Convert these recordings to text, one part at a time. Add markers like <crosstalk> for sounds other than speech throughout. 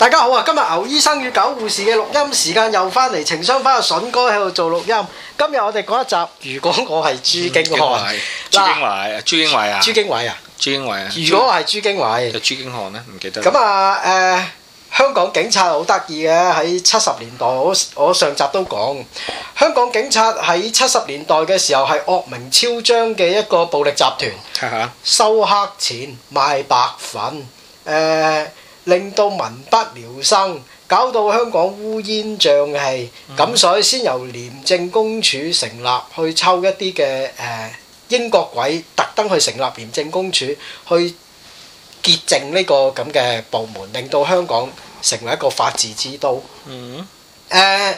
大家好啊！今日牛醫生與狗護士嘅錄音時間又翻嚟，情商翻阿筍哥喺度做錄音。今日我哋講一集，如果我係朱經緯，朱經緯，朱經緯啊，朱經緯那啊，朱經緯，如果我係朱經緯，朱經緯咧，唔記得。咁啊，誒，香港警察好得意嘅，喺七十年代，我我上集都講，香港警察喺七十年代嘅時候係惡名昭彰嘅一個暴力集團，看看收黑錢賣白粉，誒、呃。呃令到民不聊生，搞到香港烏煙瘴氣，咁所以先由廉政公署成立去抽一啲嘅誒英國鬼，特登去成立廉政公署去潔淨呢個咁嘅部門，令到香港成為一個法治之都。嗯，誒，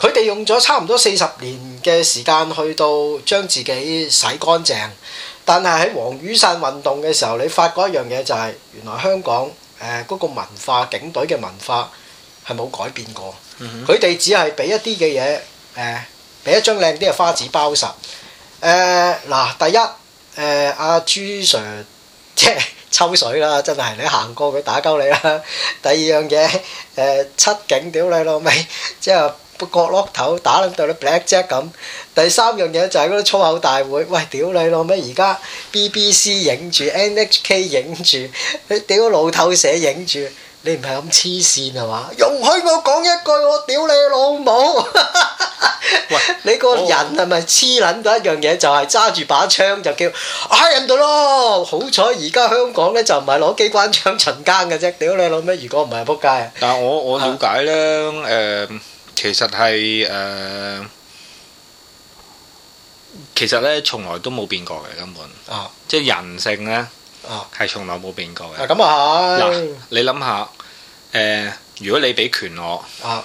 佢哋用咗差唔多四十年嘅時間去到將自己洗乾淨，但係喺黃雨傘運動嘅時候，你發覺一樣嘢就係原來香港。誒嗰、呃那個文化警隊嘅文化係冇改變過，佢哋、嗯、哼只係俾一啲嘅嘢，誒、呃、俾一張靚啲嘅花紙包實。誒、呃、嗱，第一誒阿、呃啊、朱 sir 即 <laughs> 係抽水啦，真係你行過佢打鳩你啦。第二樣嘢誒七警屌你老味。之、呃、後。角落頭打撚到你 black 啫咁，第三樣嘢就係嗰啲粗口大會。喂，屌你老味！而家 BBC 影住，NHK 影住，你屌老頭蛇影住，你唔係咁黐線係嘛？容許我講一句，我屌你老母！ <laughs> 喂，你個人係咪黐撚到一樣嘢？就係揸住把槍就叫人哋咯。好彩而家香港咧就唔係攞機關槍巡更嘅啫。屌你老味！如果唔係，仆街。但係我我瞭解咧，誒、uh, 嗯。其實係誒、呃，其實咧從來都冇變過嘅根本，哦、即係人性咧，係從、哦、來冇變過嘅。咁啊係。嗱，你諗下誒，如果你俾權我，哇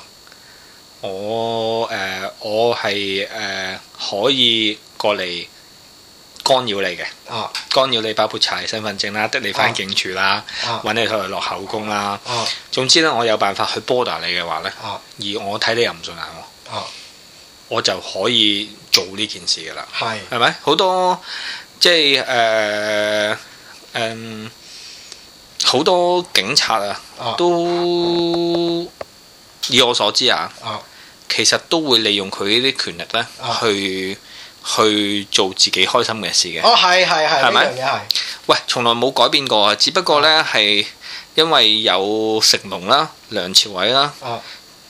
我誒、呃、我係誒、呃、可以過嚟。干擾你嘅，干擾你包括查身份證啦，逼你翻警署啦，揾你去落口供啦，總之咧，我有辦法去 border 你嘅話咧，而我睇你又唔順眼，我就可以做呢件事噶啦。係，係咪？好多即係誒誒，好多警察啊，都以我所知啊，其實都會利用佢呢啲權力咧去。去做自己開心嘅事嘅，哦係係係，係咪？嘢吧是喂，從來冇改變過啊，只不過咧係因為有成龍啦、梁朝偉啦，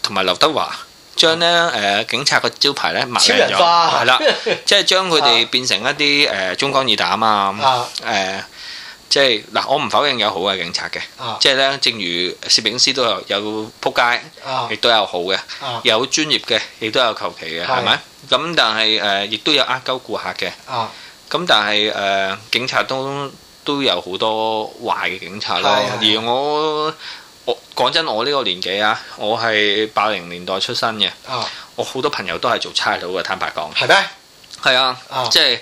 同埋、啊、劉德華將咧誒、嗯呃、警察嘅招牌咧抹掉。係啦，即係將佢哋變成一啲誒、呃、忠肝義膽啊，誒。即係嗱，我唔否認有好嘅警察嘅，即係咧，正如攝影師都有有撲街，亦都有好嘅，有專業嘅，亦都有求其嘅，係咪？咁但係誒，亦都有呃鳩顧客嘅，咁但係誒，警察都都有好多壞嘅警察咯。而我我講真，我呢個年紀啊，我係八零年代出身嘅，我好多朋友都係做差佬嘅，坦白講係咩？係啊，即係。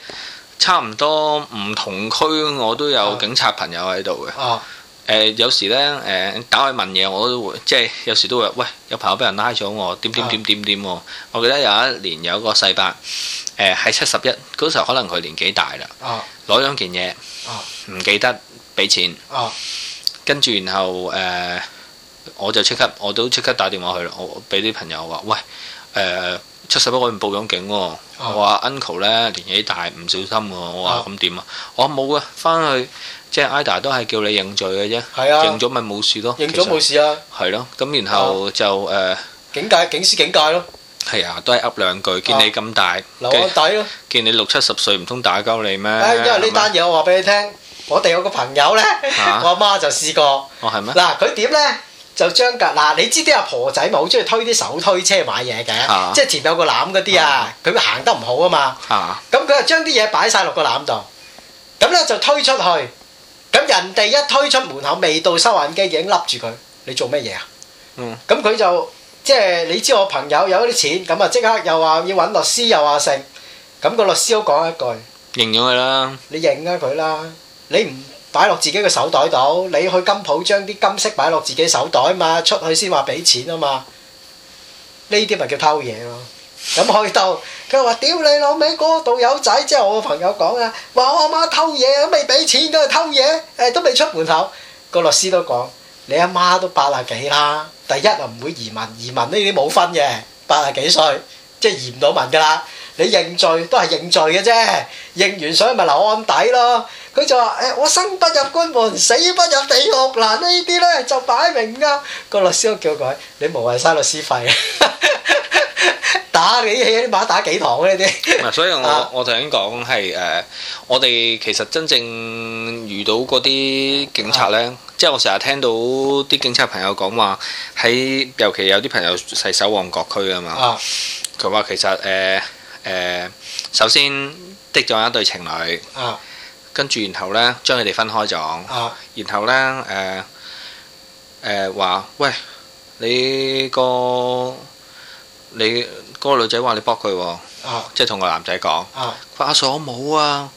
差唔多唔同區，我都有警察朋友喺度嘅。誒、啊呃、有時呢，誒、呃、打去問嘢，我都會即係有時都會，喂，有朋友俾人拉咗我，點點，點點點點點。我記得有一年有個世伯，喺七十一，嗰時候可能佢年紀大啦，攞咗件嘢，唔記得俾錢，跟住然後誒、呃，我就即刻我都即刻打電話去咯，我俾啲朋友話，喂誒。呃七十一我唔報咗警喎，我話 Uncle 咧年紀大唔小心喎，我話咁點啊？我冇啊，翻去即係 Ada 都係叫你認罪嘅啫，認咗咪冇事咯，認咗冇事啊，係咯，咁然後就誒警戒警司警戒咯，係啊，都係噏兩句，見你咁大老底咯，見你六七十歲唔通打鳩你咩？因為呢單嘢我話俾你聽，我哋有個朋友咧，我阿媽就試過，哦，係咩？嗱佢點咧？就將架嗱，你知啲阿婆仔咪好中意推啲手推車買嘢嘅，即係前面有個攬嗰啲啊，佢行得唔好啊嘛，咁佢就將啲嘢擺曬落個攬度，咁咧就推出去，咁人哋一推出門口，未到收銀機已經笠住佢，你做咩嘢啊？嗯，咁佢就即係你知我朋友有啲錢，咁啊即刻又話要揾律師，又話剩，咁個律師都講一句，認咗佢啦，你認咗佢啦，你唔～擺落自己個手袋度，你去金鋪將啲金飾擺落自己手袋啊嘛，出去先話畀錢啊嘛，呢啲咪叫偷嘢咯。咁去到，佢話：屌你老味，嗰個導遊仔即係我個朋友講啊，話我阿媽偷嘢啊，未俾錢㗎，偷嘢，誒都未出門口。個律師都講，你阿媽都八廿幾啦，第一啊唔會移民，移民呢啲冇分嘅，八廿幾歲，即係移唔到民㗎喇。你認罪都係認罪嘅啫，認完所以咪留案底咯。佢就話：誒，我生不入官門，死不入地獄。嗱，呢啲咧就擺明啊！個律師都叫佢：你無謂嘥律師費，打你起碼打幾堂呢啲。嗱，所以我我頭先講係誒，我哋其實真正遇到嗰啲警察咧，即係我成日聽到啲警察朋友講話，喺尤其有啲朋友係守旺角區啊嘛。佢話其實誒。誒，首先滴咗一對情侶，跟住然後呢，將佢哋分開咗，然後呢，誒誒話，喂，你個你嗰女仔話你卜佢喎，即係同個男仔講，佢，阿 Sir 我冇啊，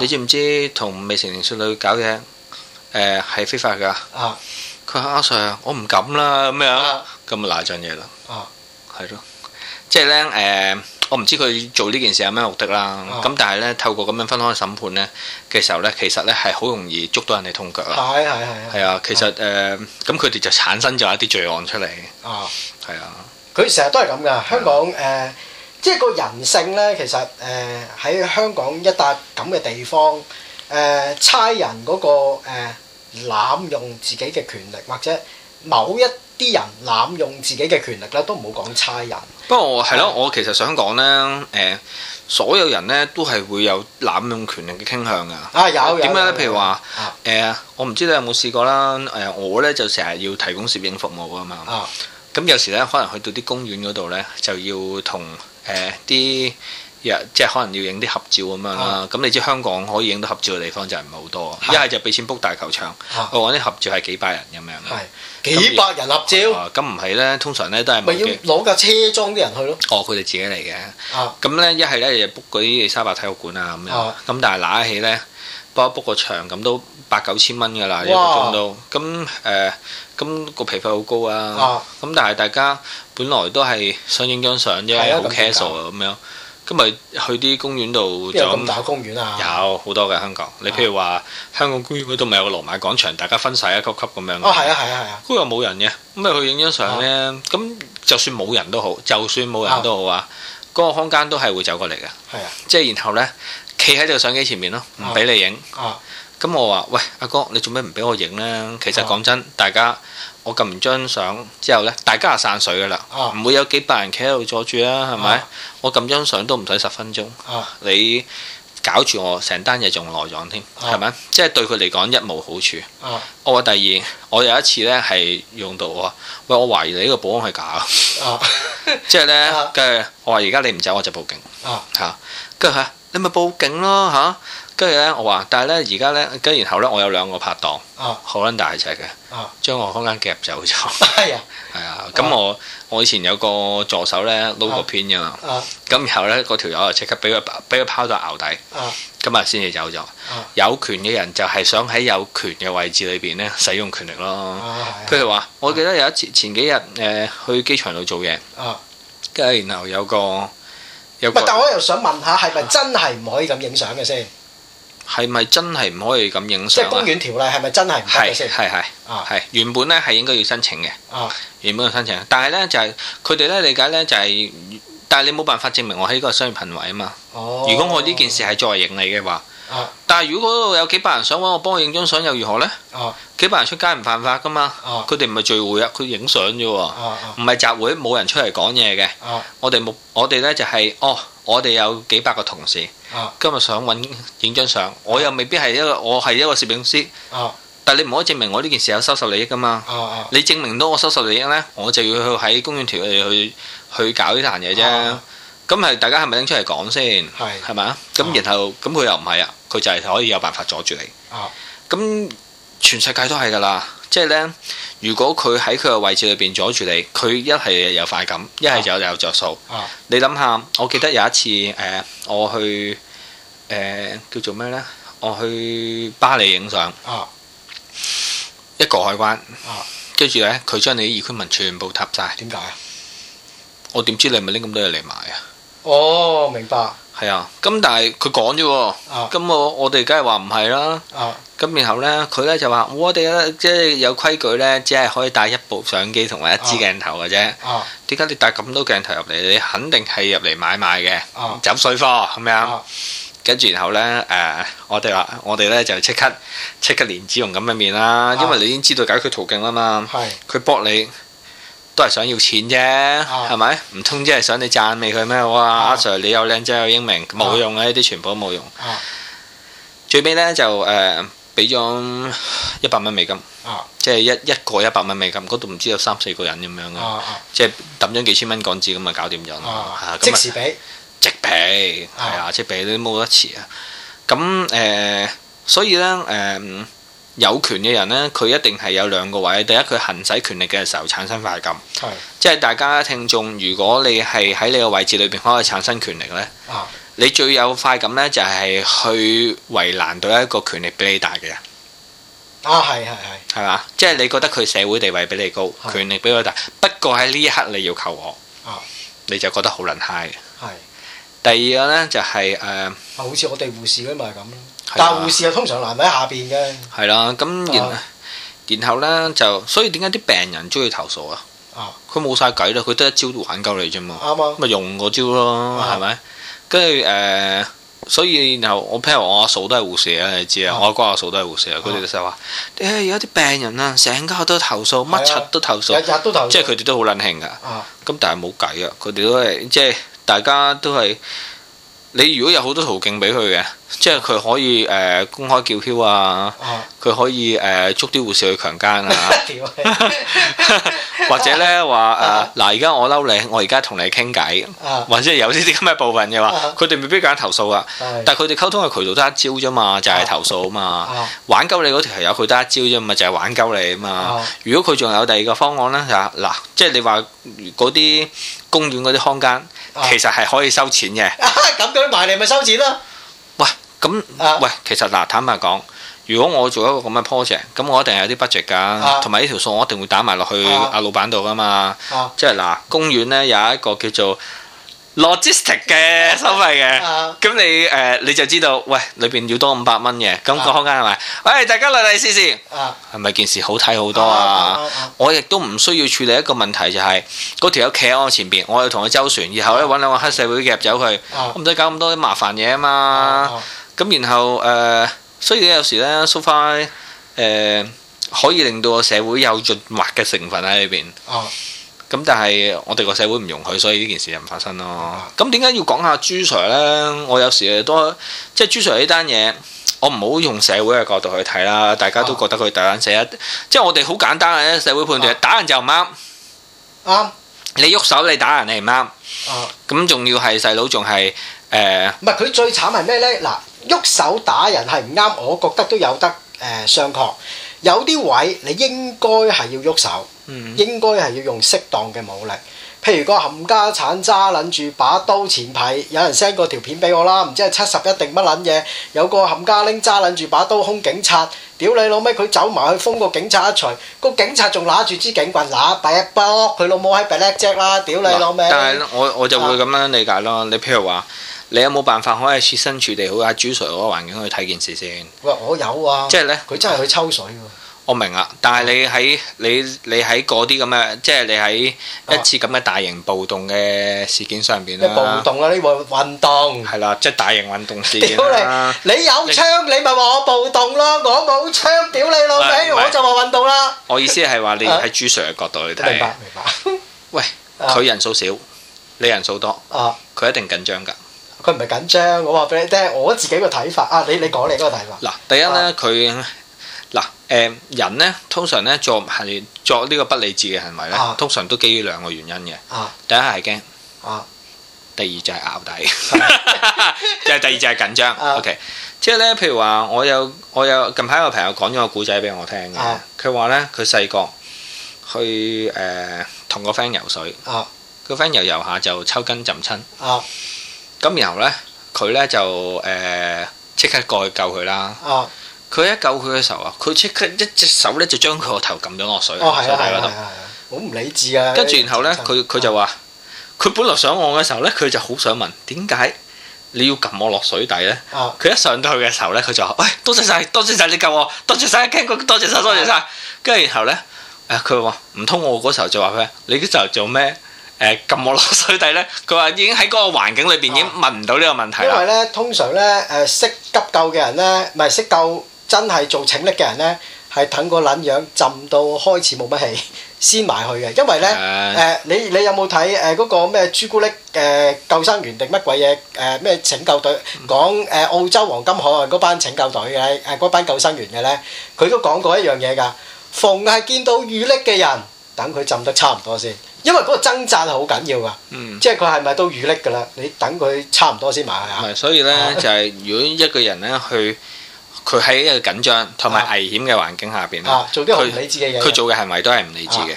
你知唔知同未成年少女搞嘢誒係非法㗎？佢話阿 Sir 我唔敢啦，咁樣咁咪拿盡嘢啦，係咯，即係呢。誒。我唔知佢做呢件事有咩目的啦，咁、哦、但係咧透過咁樣分開審判咧嘅時候咧，其實咧係好容易捉到人哋痛腳啊！係係係係啊！其實誒咁佢哋就產生咗一啲罪案出嚟啊！係啊、哦！佢成日都係咁㗎，的香港誒、呃、即係個人性咧，其實誒喺、呃、香港一笪咁嘅地方誒差人嗰個誒、呃、濫用自己嘅權力，或者某一啲人濫用自己嘅權力啦，都唔好講差人。不過我係咯，我其實想講咧，誒所有人咧都係會有濫用權力嘅傾向㗎。啊有，點解咧？譬如話誒我唔知你有冇試過啦。誒我咧就成日要提供攝影服務啊嘛。咁有時咧可能去到啲公園嗰度咧，就要同誒啲即係可能要影啲合照咁樣啦。咁你知香港可以影到合照嘅地方就唔好多，一係就俾錢 book 大球場，我啲合照係幾百人咁樣。幾百人合照咁唔係咧，通常咧都係咪要攞架車裝啲人去咯？哦，佢哋自己嚟嘅。咁咧一係咧又 book 嗰啲伊利沙伯體育館啊咁樣。咁、啊、但係嗱起咧 book 一 book 個場咁都八九千蚊噶啦，一個鐘都。咁誒，咁、呃那個皮費好高啊。咁、啊、但係大家本來都係想影張相啫，好 casual 咁樣。今日去啲公園度，大公園啊？有好多嘅香港。你譬如話香港公園嗰度咪有個羅馬廣場，大家分晒一級級咁樣。哦，係啊，係啊，係啊。都又冇人嘅，咁咪去影張相咧。咁、啊、就算冇人都好，就算冇人都好啊。嗰個空間都係會走過嚟嘅。係啊。即係然後咧，企喺個相機前面咯，唔俾你影。咁、啊啊、我話：喂，阿哥，你做咩唔俾我影咧？其實講真、啊大，大家我撳完張相之後咧，大家係散水㗎啦，唔、啊、會有幾百人企喺度坐住啊，係咪？我撳張相都唔使十分鐘，啊、你搞住我成單嘢仲耐咗添，係咪？即係、啊就是、對佢嚟講一無好處。啊、我話第二，我有一次呢係用到我，喂，我懷疑你呢個保安係假，即係呢，跟 <laughs> 住、啊、我話而家你唔走我就報警嚇，跟住嚇你咪報警咯嚇。啊跟住咧，我話，但係咧而家咧，跟然後咧，我有兩個拍檔，好撚大隻嘅，將我空間夾走咗。係啊，係啊。咁我我以前有個助手咧，撈個片㗎嘛。咁然後咧，嗰條友就即刻俾佢俾佢拋咗淆底。咁啊，先至走咗。有權嘅人就係想喺有權嘅位置裏邊咧，使用權力咯。譬如話，我記得有一次前幾日誒去機場度做嘢，跟住然後有個有，但我又想問下，係咪真係唔可以咁影相嘅先？係咪真係唔可以咁影相啊？即係公園條例，係咪真係唔可以先？係係係係原本咧，係應該要申請嘅，原本要申請，但係咧就係佢哋咧理解咧就係，但係你冇辦法證明我喺呢個商業範圍啊嘛！哦，如果我呢件事係作為盈利嘅話，但係如果度有幾百人想揾我幫佢影張相又如何咧？哦，幾百人出街唔犯法噶嘛？佢哋唔係聚會啊，佢影相啫喎！唔係集會，冇人出嚟講嘢嘅。我哋目我哋咧就係哦，我哋有幾百個同事。今日想揾影張相，啊、我又未必係一個，我係一個攝影師。啊、但係你唔可以證明我呢件事有收受利益㗎嘛？啊啊、你證明到我收受利益呢，我就要去喺公園條例去去搞呢壇嘢啫。咁係、啊、大家係咪拎出嚟講先？係咪？係嘛？咁然後咁佢又唔係啊，佢就係可以有辦法阻住你。哦、啊，咁全世界都係㗎啦。即係咧，如果佢喺佢嘅位置裏邊阻住你，佢一係有快感，一係又有着數。啊、你諗下，我記得有一次誒、呃，我去誒、呃、叫做咩咧？我去巴黎影相，啊、一個海關，跟住咧佢將你啲 equipment 全部塌晒。點解啊？我點知你係咪拎咁多嘢嚟買啊？哦，明白。係啊，咁但係佢講啫喎，咁、啊、我我哋梗係話唔係啦。啊咁然後咧，佢咧就話：我哋咧即係有規矩咧，只係可以帶一部相機同埋一支鏡頭嘅啫。點解、啊、你帶咁多鏡頭入嚟？你肯定係入嚟買賣嘅，走水貨咁樣。跟住、啊、然後咧，誒、呃、我哋話我哋咧就即刻即刻連子用咁嘅面啦，因為你已經知道解決途徑啦嘛。佢搏你都係想要錢啫，係咪？唔通即係想你讚美佢咩？哇！阿、ah, Sir，你有靚仔有英明，冇用嘅，呢啲全部都冇用。最尾咧就誒。呃俾咗一百蚊美金，啊、即係一一個一百蚊美金，嗰度唔知有三四個人咁樣嘅，即係抌咗幾千蚊港紙咁，啊搞掂咗啦。啊，即時俾，啊、咁即俾，係啊，啊，即俾都冇得遲啊。咁誒、呃，所以咧誒、呃，有權嘅人咧，佢一定係有兩個位，第一佢行使權力嘅時候產生快感，即係、啊、大家聽眾，如果你係喺你個位置裏邊可以產生權力咧。啊啊你最有快感咧，就係去為難到一個權力比你大嘅人。啊，係係係，係嘛？即係你覺得佢社會地位比你高，權力比你大。不過喺呢一刻你要求我，你就覺得好撚 high 嘅。係第二個咧，就係誒。好似我哋護士咧，咪咁咯。但係護士又通常難喺下邊嘅。係啦，咁然然後咧就，所以點解啲病人鍾意投訴啊？佢冇晒計啦，佢得一招都玩夠你啫嘛。啱啊。咪用嗰招咯，係咪？跟住誒，所以然後我譬如我阿嫂都係護士啊，你知啊，我阿哥阿嫂都係護士啊，佢哋就話，誒，有啲病人啊，成家都投訴，乜柒都投訴，即係佢哋都好撚興㗎。咁但係冇計啊，佢哋都係，即係大家都係。你如果有好多途徑俾佢嘅，即係佢可以誒公開叫囂啊，佢可以誒捉啲護士去強奸啊，或者咧話誒嗱，而家我嬲你，我而家同你傾偈，或者有呢啲咁嘅部分嘅話，佢哋未必敢投訴啊。但係佢哋溝通嘅渠道得一招啫嘛，就係投訴啊嘛。玩鳩你嗰條友，佢得一招啫嘛，就係玩鳩你啊嘛。如果佢仲有第二個方案咧，就係嗱，即係你話嗰啲公園嗰啲空間。其實係可以收錢嘅，咁 <laughs> 樣賣嚟咪收錢咯。喂，咁，啊、喂，其實嗱，坦白講，如果我做一個咁嘅 project，咁我一定有啲 budget 㗎，同埋呢條數我一定會打埋落去阿、啊、老闆度㗎嘛。啊、即係嗱、呃，公園咧有一個叫做。logistic 嘅收費嘅，咁、 <laughs> 嗯、你誒、uh, 你就知道，喂，裏邊要多五百蚊嘅，咁、那個空間係咪？嗯、喂，大家嚟嚟試試，係咪、嗯、件事好睇好多啊？嗯嗯嗯、我亦都唔需要處理一個問題、就是，就係嗰條友企喺我前邊，我要同佢周旋，然後咧揾兩個黑社會夾走佢，嗯、我唔使搞咁多啲麻煩嘢啊嘛。咁、嗯嗯嗯、然後誒、呃，所以有時咧收返可以令到個社會有潤滑嘅成分喺裏邊。嗯嗯。咁但係我哋個社會唔容許，所以呢件事就唔發生咯。咁點解要講下朱 Sir 咧？我有時都即係朱 Sir 呢單嘢，我唔好用社會嘅角度去睇啦。大家都覺得佢打人成一，啊、即係我哋好簡單嘅社會判斷，啊、打人就唔啱。啱、啊，你喐手你打人你唔啱。啊，咁仲要係細佬仲係誒？唔係佢最慘係咩咧？嗱，喐手打人係唔啱，我覺得都有得誒商榷。有啲位你應該係要喐手。應該係要用適當嘅武力，譬如個冚家鏟揸撚住把刀，前排，有人 send 個條片俾我啦，唔知係七十一定乜撚嘢，有個冚家拎揸撚住把刀兇警察，屌你老味！佢走埋去封個警察一除，個警察仲揦住支警棍揦第一波，佢老母喺 blackjack 啦！屌你老味！但係我我就會咁樣理解咯。啊、你譬如話，你有冇辦法可以設身處地，喺朱 Sir 嗰個環境去睇件事先？喂，我有啊！即係咧，佢真係去抽水我明啦，但係你喺你你喺嗰啲咁嘅，即係你喺一次咁嘅大型暴動嘅事件上邊啦。暴動啊，呢個運動係啦，即係大型運動事件，屌你，你有槍你咪話我暴動咯，我冇槍，屌你老味，我就話運動啦。我意思係話你喺朱 Sir 嘅角度去睇。明白明白。喂，佢人數少，你人數多，佢一定緊張㗎。佢唔係緊張，我話俾你聽，我自己嘅睇法啊，你你講你嗰個睇法。嗱，第一咧，佢。誒人咧，通常咧做係做呢個不理智嘅行為咧，通常都基於兩個原因嘅。第一係驚，第二就係咬底，即係第二就係緊張。O K，即係咧，譬如話，我有我有近排有個朋友講咗個故仔俾我聽嘅，佢話咧佢細個去誒同個 friend 游水，個 friend 遊游下就抽筋浸親，咁然後咧佢咧就誒即刻過去救佢啦。佢一救佢嘅時候啊，佢即刻一隻手咧就將佢個頭撳咗落水。哦，好唔理智啊！跟住然後咧，佢佢就話：佢本來上岸嘅時候咧，佢就好想問點解你要撳我落水底咧？佢一上到去嘅時候咧，佢就話：喂，多謝晒，多謝晒，你救我，多謝晒，多多謝晒，多謝晒。」跟住然後咧，誒，佢話唔通我嗰時候就話咩？你啲就做咩？誒，撳我落水底咧？佢話已經喺嗰個環境裏邊已經問唔到呢個問題。因為咧，通常咧，誒識急救嘅人咧，唔係識救。真係做拯溺嘅人咧，係等個撚樣浸到開始冇乜氣，先埋去嘅。因為咧，誒你你有冇睇誒嗰個咩朱古力誒救生員定乜鬼嘢誒咩拯救隊講誒澳洲黃金海岸嗰班拯救隊嘅誒嗰班救生員嘅咧，佢都講過一樣嘢㗎。逢係見到遇溺嘅人，等佢浸得差唔多先，因為嗰個掙扎係好緊要㗎。嗯，即係佢係咪都遇溺㗎啦？你等佢差唔多先埋去啊！咪所以咧就係如果一個人咧去。佢喺一個緊張同埋危險嘅環境下邊咧，佢、啊、做嘅行為都係唔理智嘅，智啊、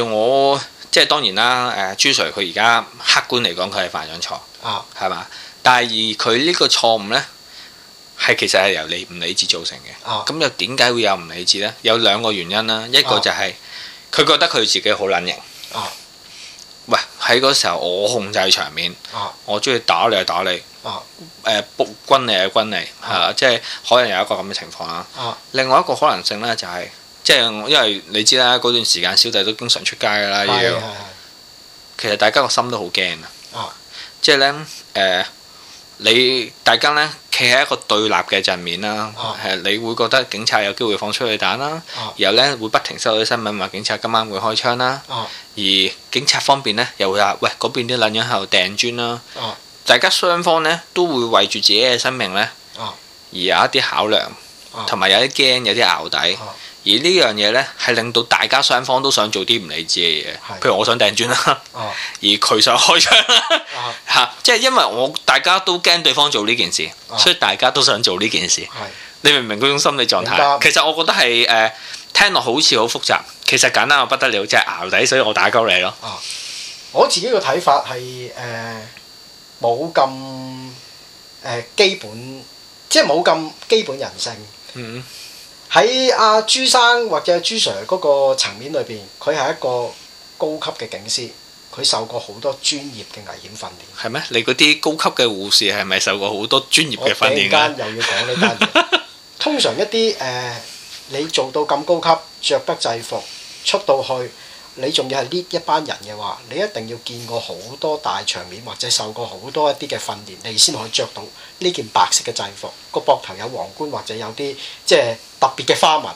而我即係當然啦。誒、呃，朱 Sir 佢而家客觀嚟講，佢係犯咗錯，係嘛、啊？但係而佢呢個錯誤呢，係其實係由你唔理智造成嘅。咁、啊、又點解會有唔理智呢？有兩個原因啦，一個就係佢覺得佢自己好懶型。啊啊喂，喺嗰時候我控制場面，啊、我中意打你係打你，誒、啊，軍你係軍你，係、啊、即係可能有一個咁嘅情況啦。啊、另外一個可能性呢，就係、係，即係因為你知啦，嗰段時間小弟都經常出街噶啦，要、啊，其實大家個心都好驚啊。即係呢。呃你大家咧企喺一個對立嘅陣面啦，係、啊、你會覺得警察有機會放出去彈啦，啊、然後咧會不停收到新聞話警察今晚會開槍啦，啊、而警察方面咧又會話喂，嗰邊啲撚人喺度掟磚啦，啊、大家雙方咧都會為住自己嘅生命咧，啊、而有一啲考量，同埋、啊、有啲驚，有啲淆底。啊啊而呢樣嘢呢，係令到大家雙方都想做啲唔理智嘅嘢，的譬如我想掟磚啦，啊、而佢想開槍啦，嚇、啊！ <laughs> 即係因為我大家都驚對方做呢件事，啊、所以大家都想做呢件事。啊、你明唔明嗰種心理狀態？其實我覺得係誒、呃、聽落好似好複雜，其實簡單到不得了，即係牛底。所以我打鳩你咯、啊。我自己嘅睇法係誒冇咁基本，即係冇咁基本人性。嗯嗯嗯喺阿、啊、朱生或者朱 Sir 嗰個層面裏邊，佢係一個高級嘅警司，佢受過好多專業嘅危險訓練。係咩？你嗰啲高級嘅護士係咪受過好多專業嘅訓練㗎？我等陣間又要講呢單嘢。 <laughs> 通常一啲誒、呃，你做到咁高級，着得制服出到去。你仲要係呢一班人嘅話，你一定要見過好多大場面或者受過好多一啲嘅訓練，你先可以着到呢件白色嘅制服，個膊頭有皇冠或者有啲即係特別嘅花紋。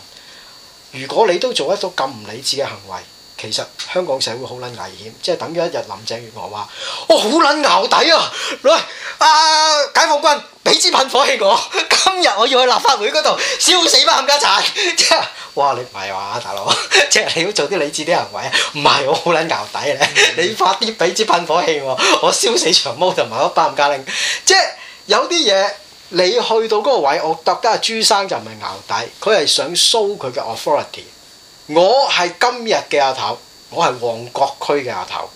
如果你都做得到咁唔理智嘅行為，其實香港社會好撚危險，即係等於一日林鄭月娥話： <laughs> 我好撚淆底啊！來、哎、啊，解放軍俾支噴火器我，今日我要去立法會嗰度燒死班冚家鏟！即係哇，你唔係話大佬，即係你要做啲理智啲行為啊？唔係我好撚淆底咧，你發啲俾支噴火器我，我燒死長毛同埋嗰班冚家令。即係有啲嘢你去到嗰個位，我覺得啊朱生就唔係淆底，佢係想 show 佢嘅 authority。我係今日嘅阿頭，我係旺角區嘅阿頭。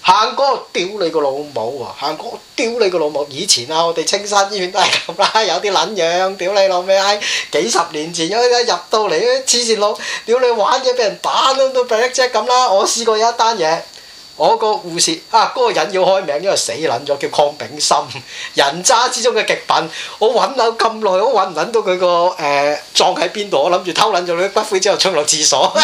行哥，屌你個老母啊！行哥，屌你個老母！以前啊，我哋青山醫院都係咁啦，有啲撚樣，屌你老味，閪！幾十年前，一入到嚟，黐線佬，屌你玩嘢俾人打到俾一隻咁啦！我試過有一單嘢。我個護士啊，嗰個人要開名，因為死撚咗，叫鄺炳心。人渣之中嘅極品。我揾咗咁耐，我揾唔揾到佢個誒葬喺邊度。我諗住偷撚咗啲骨灰之後衝落廁所，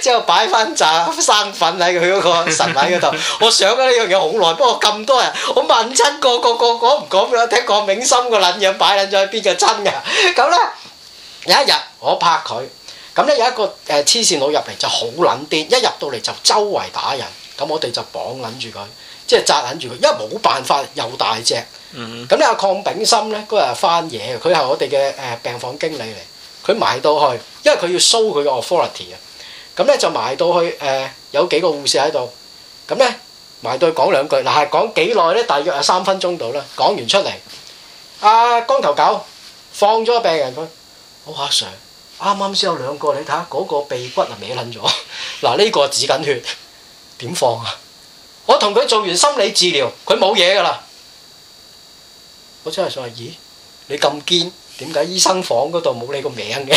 之後擺翻紮生粉喺佢嗰個神位嗰度。我想咗呢樣嘢好耐，不過咁多人，我問親個個個個都唔講畀我聽鄺炳心個撚樣擺撚咗喺邊個真㗎。咁咧有一日我拍佢。咁咧有一個誒黐線佬入嚟就好撚啲，一入到嚟就周圍打人，咁我哋就綁撚住佢，即係紮撚住佢，因為冇辦法又大隻。咁咧阿鄺炳心咧嗰日翻嘢，佢係我哋嘅誒病房經理嚟，佢埋到去，因為佢要 show 佢嘅 authority 啊。咁咧就埋到去誒、呃、有幾個護士喺度，咁咧埋到去講兩句，嗱、呃、係講幾耐咧？大約係三分鐘到啦。講完出嚟，阿、啊、光頭狗放咗病人佢，好黑、oh, Sir。啱啱先有兩個，你睇下嗰個鼻骨啊歪撚咗，嗱、這、呢個止緊血點放啊？我同佢做完心理治療，佢冇嘢㗎啦。我真係想話，咦你咁堅？點解醫生房嗰度冇你個名嘅？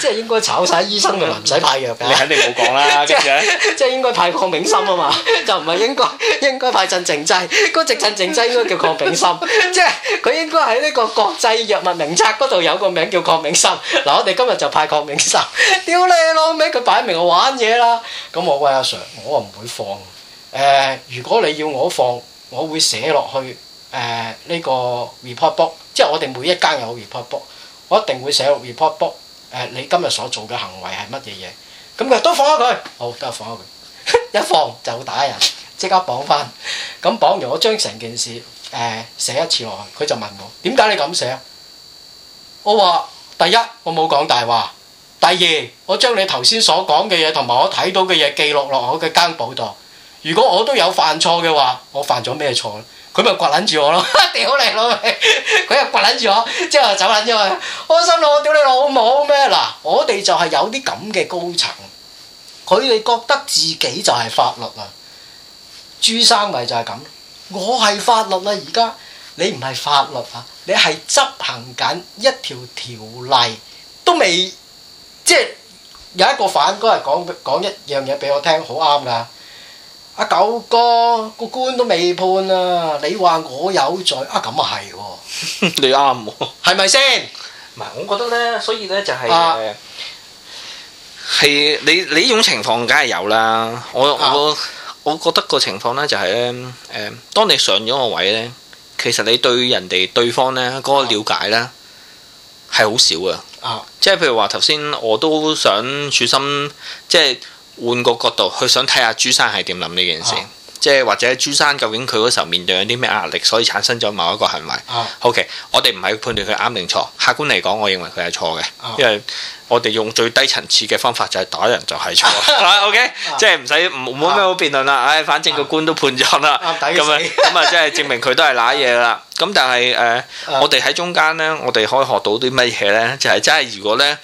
即 <laughs> 係應該炒晒醫生就唔使派藥㗎。直你肯定冇講啦，即係即係應該派郭明心啊嘛，就唔係應該應該派鎮靜劑。嗰隻鎮靜劑應該劑劑應該叫郭明心，即係佢應該喺呢個國際藥物名冊嗰度有個名叫郭明心。嗱，我哋今日就派郭明心。屌你老味，佢擺明我玩嘢啦。咁我喂阿 sir，我唔會放。誒、uh，如果你要我放，我會寫落去誒呢、uh, 個 report book。即係我哋每一間有 report book，我一定會寫 report book、呃。誒，你今日所做嘅行為係乜嘢嘢？咁、嗯、佢都放咗佢，好、哦，都係放咗佢。 <laughs> 一放就打人，即刻綁翻。咁、嗯、綁完，我將成件事誒寫、呃、一次落去。佢就問我：點解你咁寫？我話：第一，我冇講大話；第二，我將你頭先所講嘅嘢同埋我睇到嘅嘢記錄落我嘅間簿度。如果我都有犯錯嘅話，我犯咗咩錯呢？佢咪掘撚住我咯，屌你老味！佢又掘撚住我，之後走撚咗去，開心咯！我屌你老母咩？嗱，我哋就係有啲咁嘅高層，佢哋覺得自己就係法律啦。朱生咪就係咁，我係法律啦，而家，你唔係法律啊，你係執行緊一條條例，都未即係有一個法官係講講一樣嘢俾我聽，好啱噶。阿九哥個官都未判啊！你話我有罪啊？咁啊係喎，你啱喎，係咪先？唔係，我覺得咧，所以咧就係誒，係你你呢種情況梗係有啦。我我我覺得個情況咧就係咧誒，當你上咗個位咧，其實你對人哋對方咧嗰個了解咧係好少啊。啊，即係譬如話頭先，我都想處心即係。換個角度去想睇下朱生係點諗呢件事，啊、即係或者朱生究竟佢嗰時候面對有啲咩壓力，所以產生咗某一個行為。啊、OK，我哋唔係判斷佢啱定錯，客觀嚟講，我認為佢係錯嘅，啊、因為我哋用最低層次嘅方法就係打人就係錯。啊、 <laughs> OK，即係唔使冇咩好辯論啦。唉、哎，反正個官都判咗啦，咁啊咁啊，即係證明佢都係揦嘢啦。咁但係誒，呃啊、我哋喺中間呢，我哋可以學到啲乜嘢呢？就係、是、真係如果呢，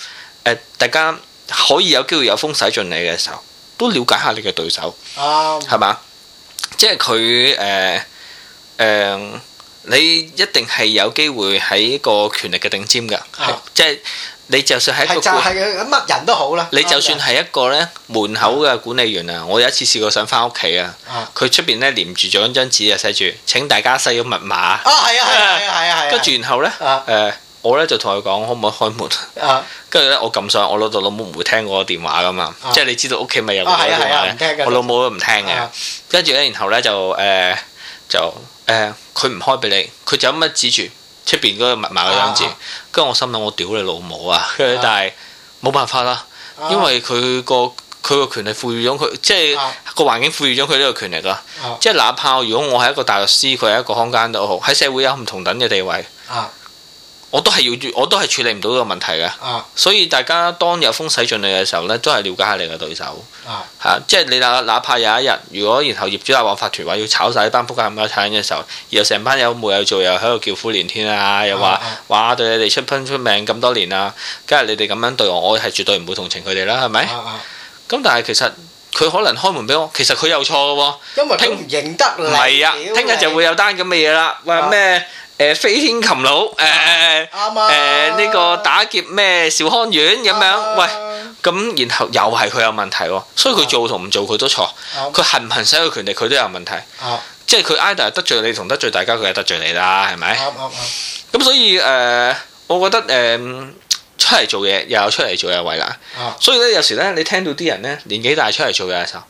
誒，大家。可以有機會有風使盡你嘅時候，都了解下你嘅對手，係嘛？即係佢誒誒，你一定係有機會喺個權力嘅頂尖㗎，即係你就算喺個乜人都好啦。你就算係一個咧門口嘅管理員啊，我有一次試過想翻屋企啊，佢出邊咧黏住咗一張紙啊，寫住請大家試個密碼啊，係啊係啊係啊係啊，跟住然後咧誒。我咧就同佢講可唔可以開門？啊！跟住咧我撳上，我老豆老母唔會聽嗰個電話噶嘛，即係你知道屋企咪有個手機我老母都唔聽嘅。跟住咧，然後咧就誒就誒，佢唔開俾你，佢就咁樣指住出邊嗰個密碼嘅樣字。跟住我心諗我屌你老母啊！佢但係冇辦法啦，因為佢個佢個權利賦予咗佢，即係個環境賦予咗佢呢個權力啦。即係哪怕如果我係一個大律師，佢係一個空間都好，喺社會有唔同等嘅地位。我都係要，我都係處理唔到呢個問題嘅，啊、所以大家當有風使進嚟嘅時候呢，都係了解下你嘅對手，即係、啊啊就是、你那哪怕有一日，如果然後業主大王法團話要炒晒呢班仆街咁樣炒嘅時候，然後成班友冇有做，又喺度叫苦連天啊，又話話對你哋出拼出名咁多年啊，今日你哋咁樣對我，我係絕對唔會同情佢哋啦，係咪？咁、啊啊、但係其實佢可能開門俾我，其實佢有錯嘅喎，因為聽唔認得你，係啊明，聽日你就會有單咁嘅嘢啦，話咩？誒，飛天擒佬，誒，誒，呢個打劫咩？兆康院咁樣，嗯、喂，咁然後又係佢有問題喎，所以佢做同唔做佢都錯，佢、嗯、行唔行使個權力佢都有問題，嗯、即係佢 either 得罪你同得罪大家佢係得罪你啦，係咪？咁、嗯嗯、所以誒、呃，我覺得誒、呃，出嚟做嘢又有出嚟做嘢嘅位啦，嗯、所以咧有時咧你聽到啲人咧年紀大出嚟做嘢嘅時候。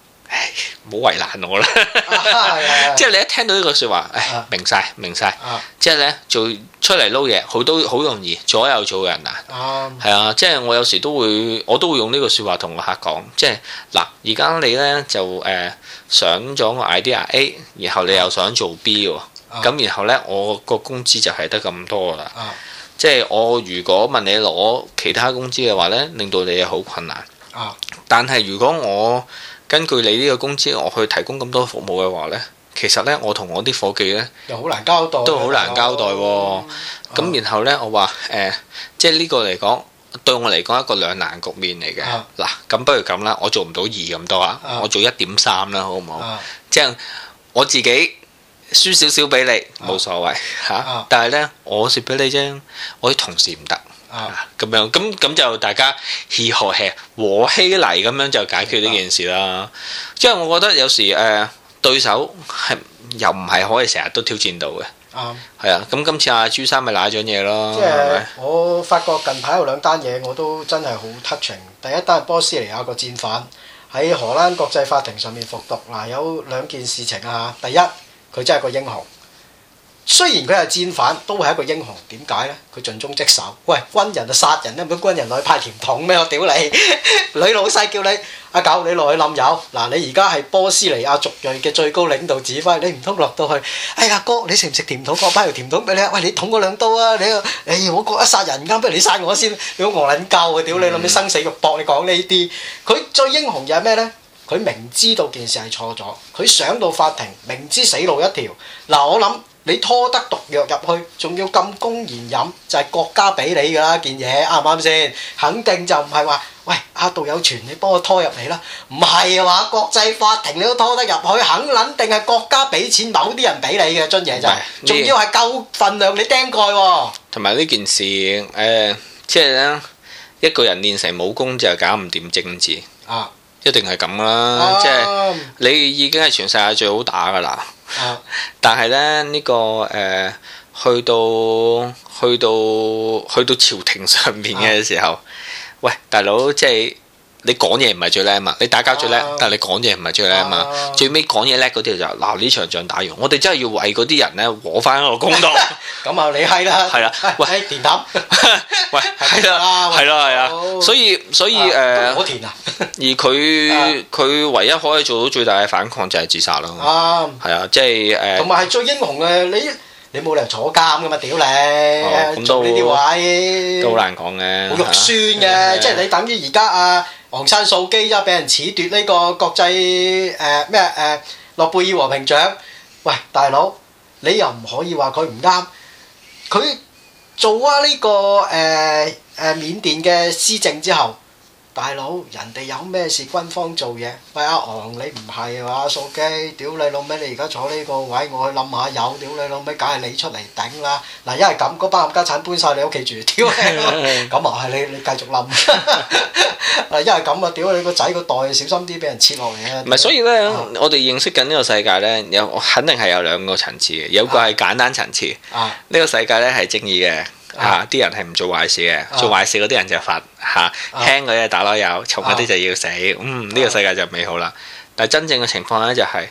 唔好為難我啦， <laughs> <music> 即係你一聽到呢個說話，唉，明晒明晒， <music> 即係呢，做出嚟撈嘢，好多好容易左右做人啊，係 <music> 啊，即係我有時都會，我都會用呢個說話同個客講，即係嗱，而家你呢，就誒、呃、想咗個 idea A，然後你又想做 B 喎，咁 <music> 然後呢，我個工資就係得咁多啦， <music> 即係我如果問你攞其他工資嘅話呢，令到你好困難，但係如果我根據你呢個工資，我去提供咁多服務嘅話呢，其實呢，我同我啲伙計呢又好難交代，都好難交代喎，哦。咁、嗯、然後呢，我話誒、呃，即係呢個嚟講，對我嚟講一個兩難局面嚟嘅。嗱、啊，咁不如咁啦，我做唔到二咁多啊，我做一點三啦，好唔好？啊、即係我自己輸少少俾你，冇所謂嚇、啊啊。但係呢，我蝕俾你啫，我啲同事唔得。啊，咁樣咁咁就大家協和協和稀泥咁樣就解決呢件事啦。即係白我覺得有時誒、呃、對手係又唔係可以成日都挑戰到嘅。嗯、啊，係啊。咁今次阿朱生咪拿咗嘢咯。即係吧我發覺近排有兩單嘢我都真係好 touching。第一單係波斯尼亞個戰犯喺荷蘭國際法庭上面服毒。嗱、啊，有兩件事情啊，第一，佢真係個英雄。雖然佢係戰犯，都係一個英雄。點解呢？佢盡忠職守。喂，軍人就殺人咩？咁軍人落去派甜筒咩？我屌你！女老細叫你阿狗，你落去冧油。嗱，你而家係波斯尼亞族裔嘅最高領導指揮，你唔通落到去？哎呀哥，你食唔食甜筒？我派條甜筒俾你。喂，你捅我兩刀啊！你，哎，我覺得殺人，不如你殺我先。你好戇捻鳩啊！屌你，諗啲生死肉搏，你講呢啲。佢最英雄又係咩呢？佢明知道件事係錯咗，佢上到法庭，明知死路一條。嗱，我諗。你拖得毒藥入去，仲要咁公然飲，就係、是、國家俾你㗎啦件嘢，啱唔啱先？肯定就唔係話，喂阿導、啊、友傳你幫我拖入嚟啦，唔係話國際法庭你都拖得入去，肯肯定係國家俾錢某啲人俾你嘅樽嘢就，仲是要係夠份量你釘蓋喎、哦。同埋呢件事，誒即係咧，就是、一個人練成武功就搞唔掂政治啊。一定係咁啦，啊、即係你已經係全世界最好打噶啦。啊、但係咧呢、呢個誒、呃，去到去到去到朝廷上面嘅時候，啊、喂，大佬即係。你講嘢唔係最叻嘛？你打交最叻，但係你講嘢唔係最叻嘛？最尾講嘢叻嗰啲就鬧，呢場仗打完，我哋真係要為嗰啲人咧，和翻個公道。咁啊，你係啦！係啦，喂，填淡，喂，係啦，係啦，係啊。所以所以我誒，而佢佢唯一可以做到最大嘅反抗就係自殺啦。啱，係啊，即係誒。同埋係最英雄嘅你。你冇理由坐監噶嘛？屌你，呢啲、哦、位都難講嘅，好肉酸嘅。啊、即係你等於而家啊昂山素姬啊，俾人褫奪呢個國際誒咩誒諾貝爾和平獎。喂，大佬，你又唔可以話佢唔啱。佢做咗呢、呢個誒誒、呃、緬甸嘅施政之後。大佬，人哋有咩事？軍方做嘢。喂，阿昂，你唔係啊？阿素姬，屌你老味！你而家坐呢個位，我去冧下有。屌你老味，梗係你出嚟頂啦！嗱，一係咁，嗰班冚家產搬晒你屋企住。屌，咁啊係你，你繼續冧。嗱，一係咁啊，屌你個仔個袋，小心啲俾人切落嚟啊！唔係，所以呢，我哋認識緊呢個世界呢，有肯定係有兩個層次嘅，有個係簡單層次。啊，呢個世界呢係正義嘅。啊！啲人係唔做壞事嘅，做壞事嗰啲人就罰吓、啊啊、輕嗰啲打籮柚，重嗰啲就要死。啊、嗯，呢個世界就美好啦。啊、但真正嘅情況咧就係、是，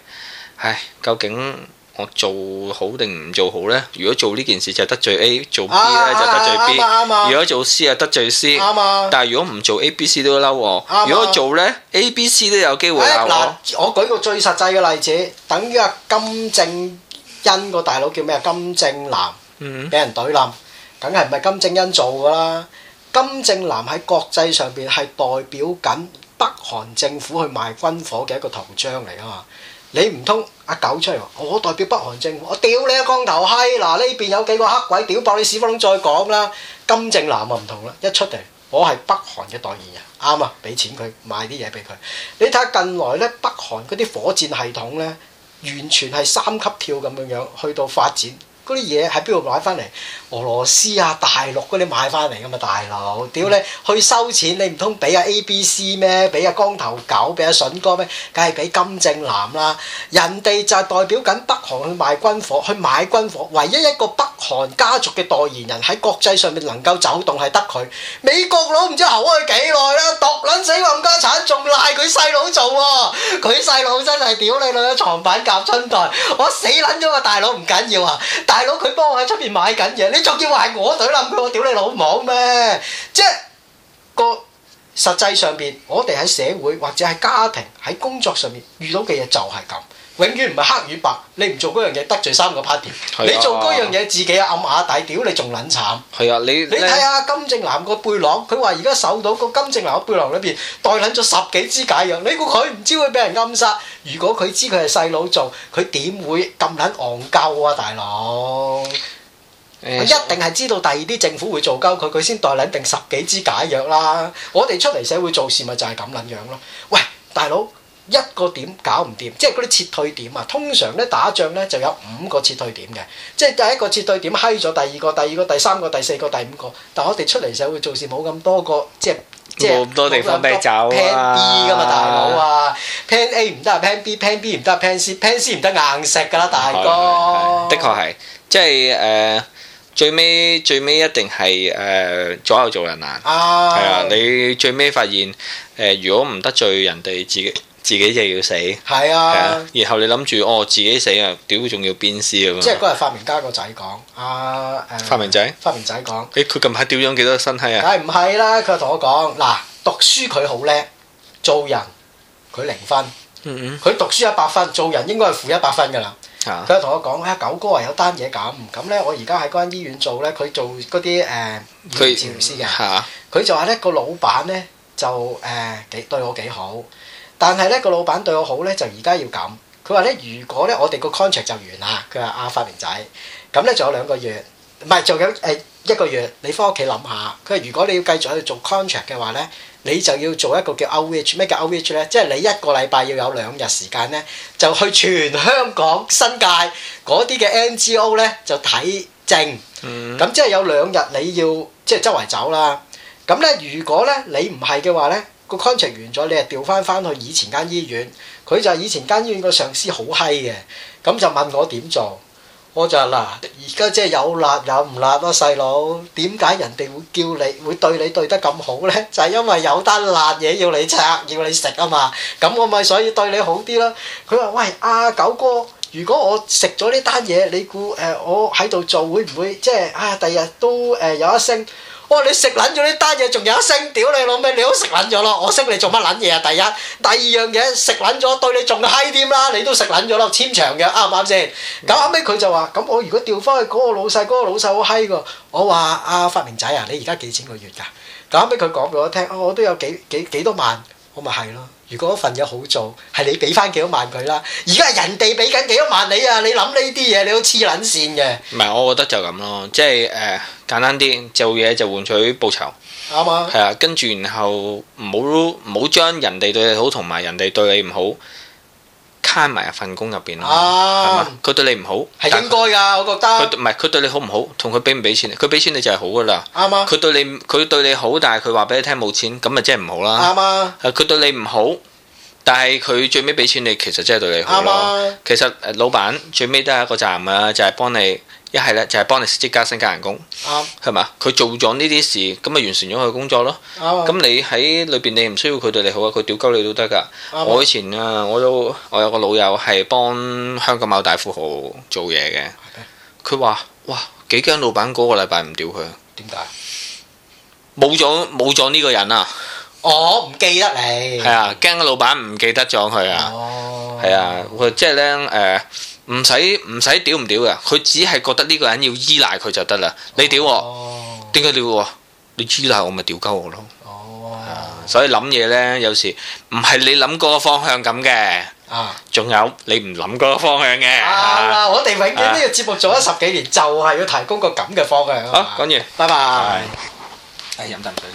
唉，究竟我做好定唔做好呢？如果做呢件事就得罪 A，做 B 咧、啊、就得罪 B，、啊啊啊啊、如果做 C 就得罪 C、啊。但係如果唔做 A、B、啊、C 都嬲我。如果做呢 A、B、C 都有機會鬧我。嗱、啊啊啊，我舉個最實際嘅例子，等於阿金正恩個大佬叫咩？金正男俾人懟冧。嗯嗯。梗係唔係金正恩做㗎啦？金正男喺國際上邊係代表緊北韓政府去賣軍火嘅一個圖章嚟㗎嘛？你唔通阿狗出嚟話我代表北韓政府？我屌你個光頭閪！嗱呢邊有幾個黑鬼屌爆你屎窟窿再講啦！金正男啊唔同啦，一出嚟我係北韓嘅代言人，啱啊！俾錢佢買啲嘢俾佢。你睇下近來咧，北韓嗰啲火箭系統咧，完全係三級跳咁樣樣去到發展。嗰啲嘢喺邊度買翻嚟？俄羅斯啊，大陸嗰啲買翻嚟噶嘛？大佬，屌你！去收錢你唔通俾阿 A B C 咩？俾阿光頭狗，俾阿筍哥咩？梗係俾金正男啦！人哋就代表緊北韓去賣軍火，去買軍火，唯一一個北韓家族嘅代言人喺國際上面能夠走動係得佢。美國佬唔知喉去幾耐啦，獨撚死冚家產，仲賴佢細佬做喎。佢細佬真係屌你老嘢床板夾春袋，我死撚咗個大佬唔緊要啊！大佬佢幫我喺出邊買緊嘢，你仲要話係我懟冧佢，我屌你老母咩？即係個實際上邊，我哋喺社會或者係家庭、喺工作上面遇到嘅嘢就係咁。永遠唔係黑與白，你唔做嗰樣嘢得罪三個 party，啊、你做嗰樣嘢自己又、啊啊、暗下底，屌你仲撚慘！係啊，你你睇下金正男個背囊，佢話而家搜到個金正男個背囊裏邊代撚咗十幾支解藥，你估佢唔知會俾人暗殺？如果佢知佢係細佬做，佢點會咁撚戇鳩啊，大佬？佢一定係知道第二啲政府會做鳩佢，佢先代撚定十幾支解藥啦。我哋出嚟社會做事咪就係咁撚樣咯。喂，大佬！一個點搞唔掂，即係嗰啲撤退點啊！通常咧打仗咧就有五個撤退點嘅，即係第一個撤退點閪咗，第二個、第二個、第三個、第四個、第五個。但係我哋出嚟社會做事冇咁多個，即係冇咁多地方俾走啊！plan B 㗎嘛，大佬啊，plan A 唔得啊，plan B plan B 唔得啊，plan C plan C 唔得硬食㗎啦，大哥。的確係，即係誒最尾最尾一定係誒左右做人難，係啊！你最尾發現誒如果唔得罪人哋自己。自己就要死，係啊，然後你諗住哦，自己死啊，屌仲要鞭屍咁啊！即係嗰日發明家個仔講，阿、啊呃、發明仔，發明仔講，佢近排屌咗幾多身體啊？梗係唔係啦！佢就同我講嗱，讀書佢好叻，做人佢零分，佢、嗯嗯、讀書一百分，做人應該係負一百分噶啦。佢、啊、就同我講咧、啊，九哥啊，有單嘢咁咁咧，我而家喺嗰間醫院做咧，佢做嗰啲誒，醫治療師嘅，佢、啊、就話咧個老闆咧就誒幾對我幾好。但係咧個老闆對我好咧，就而家要咁。佢話咧，如果咧我哋個 contract 就完啦。佢話阿發明仔，咁咧仲有兩個月，唔係仲有誒、呃、一個月。你翻屋企諗下。佢話如果你要繼續喺度做 contract 嘅話咧，你就要做一個叫 outreach，咩叫 outreach 咧？即係你一個禮拜要有兩日時間咧，就去全香港新界嗰啲嘅 NGO 咧就睇證。嗯。咁即係有兩日你要即係周圍走啦。咁咧如果咧你唔係嘅話咧？個 contract 完咗，你係調翻翻去以前間醫院，佢就係以前間醫院個上司好閪嘅，咁就問我點做，我就話嗱，而家即係有辣有唔辣咯，啊，細佬，點解人哋會叫你會對你對得咁好咧？就係、是、因為有單辣嘢要你拆要你食啊嘛，咁我咪所以對你好啲咯。佢話喂阿、啊、九哥，如果我食咗呢單嘢，你估誒我喺度做會唔會即係唉第日都誒有一升？哇、哦！你食撚咗呢單嘢，仲有得升？屌你老味！你都食撚咗咯，了我升你做乜撚嘢啊？第一、第二樣嘢食撚咗，對你仲嗨添啦！你都食撚咗咯，籤場嘅啱唔啱先？咁後尾佢就話：咁我如果調翻去嗰、那個老細，嗰、那個老細好嗨噶。我話阿發明仔啊，你而家幾錢個月㗎？咁後尾佢講俾我聽，我都有幾幾幾多萬，我咪係咯。如果份嘢好做，係你俾翻幾多萬佢啦。而家係人哋俾緊幾多萬你啊！你諗呢啲嘢，你都黐撚線嘅。唔係，我覺得就咁咯，即係誒、呃、簡單啲，做嘢就換取報酬，啱啊？係啊，跟住然後唔好唔好將人哋對你好同埋人哋對你唔好。慳埋一份工入邊咯，係嘛、啊？佢對你唔好，係應該噶，我覺得。佢唔係佢對你好唔好，同佢俾唔俾錢，佢俾錢你就係好噶啦，啱啊。佢對你佢對你好，但係佢話俾你聽冇錢，咁咪真係唔好啦，啱啊。佢對你唔好，但係佢最尾俾錢你，其實真係對你好咯。啊、其實誒、呃，老闆最尾都係一個責任啊，就係、是、幫你。一係咧就係、是、幫你升職加薪加人工，啱係嘛？佢做咗呢啲事，咁咪完成咗佢工作咯。咁、嗯、你喺裏邊，你唔需要佢對你好，佢屌鳩你都得噶。嗯、我以前啊，我都我有個老友係幫香港某大富豪做嘢嘅，佢話、嗯：哇，幾驚老闆嗰個禮拜唔屌佢，點解何？冇咗冇咗呢個人啊！我唔、哦、記得你係啊，驚個老闆唔記得咗佢、哦、啊！係啊，即係咧誒。呃唔使唔使屌唔屌嘅，佢只係覺得呢個人要依賴佢就得啦。你屌我，點解屌我？你依賴我咪屌鳩我咯。哦，所以諗嘢呢，有時唔係你諗嗰個方向咁嘅。啊，仲有你唔諗嗰個方向嘅。啊，我哋永遠呢個節目做咗十幾年，就係要提供個咁嘅方向。好，講完，拜拜。係飲啖水。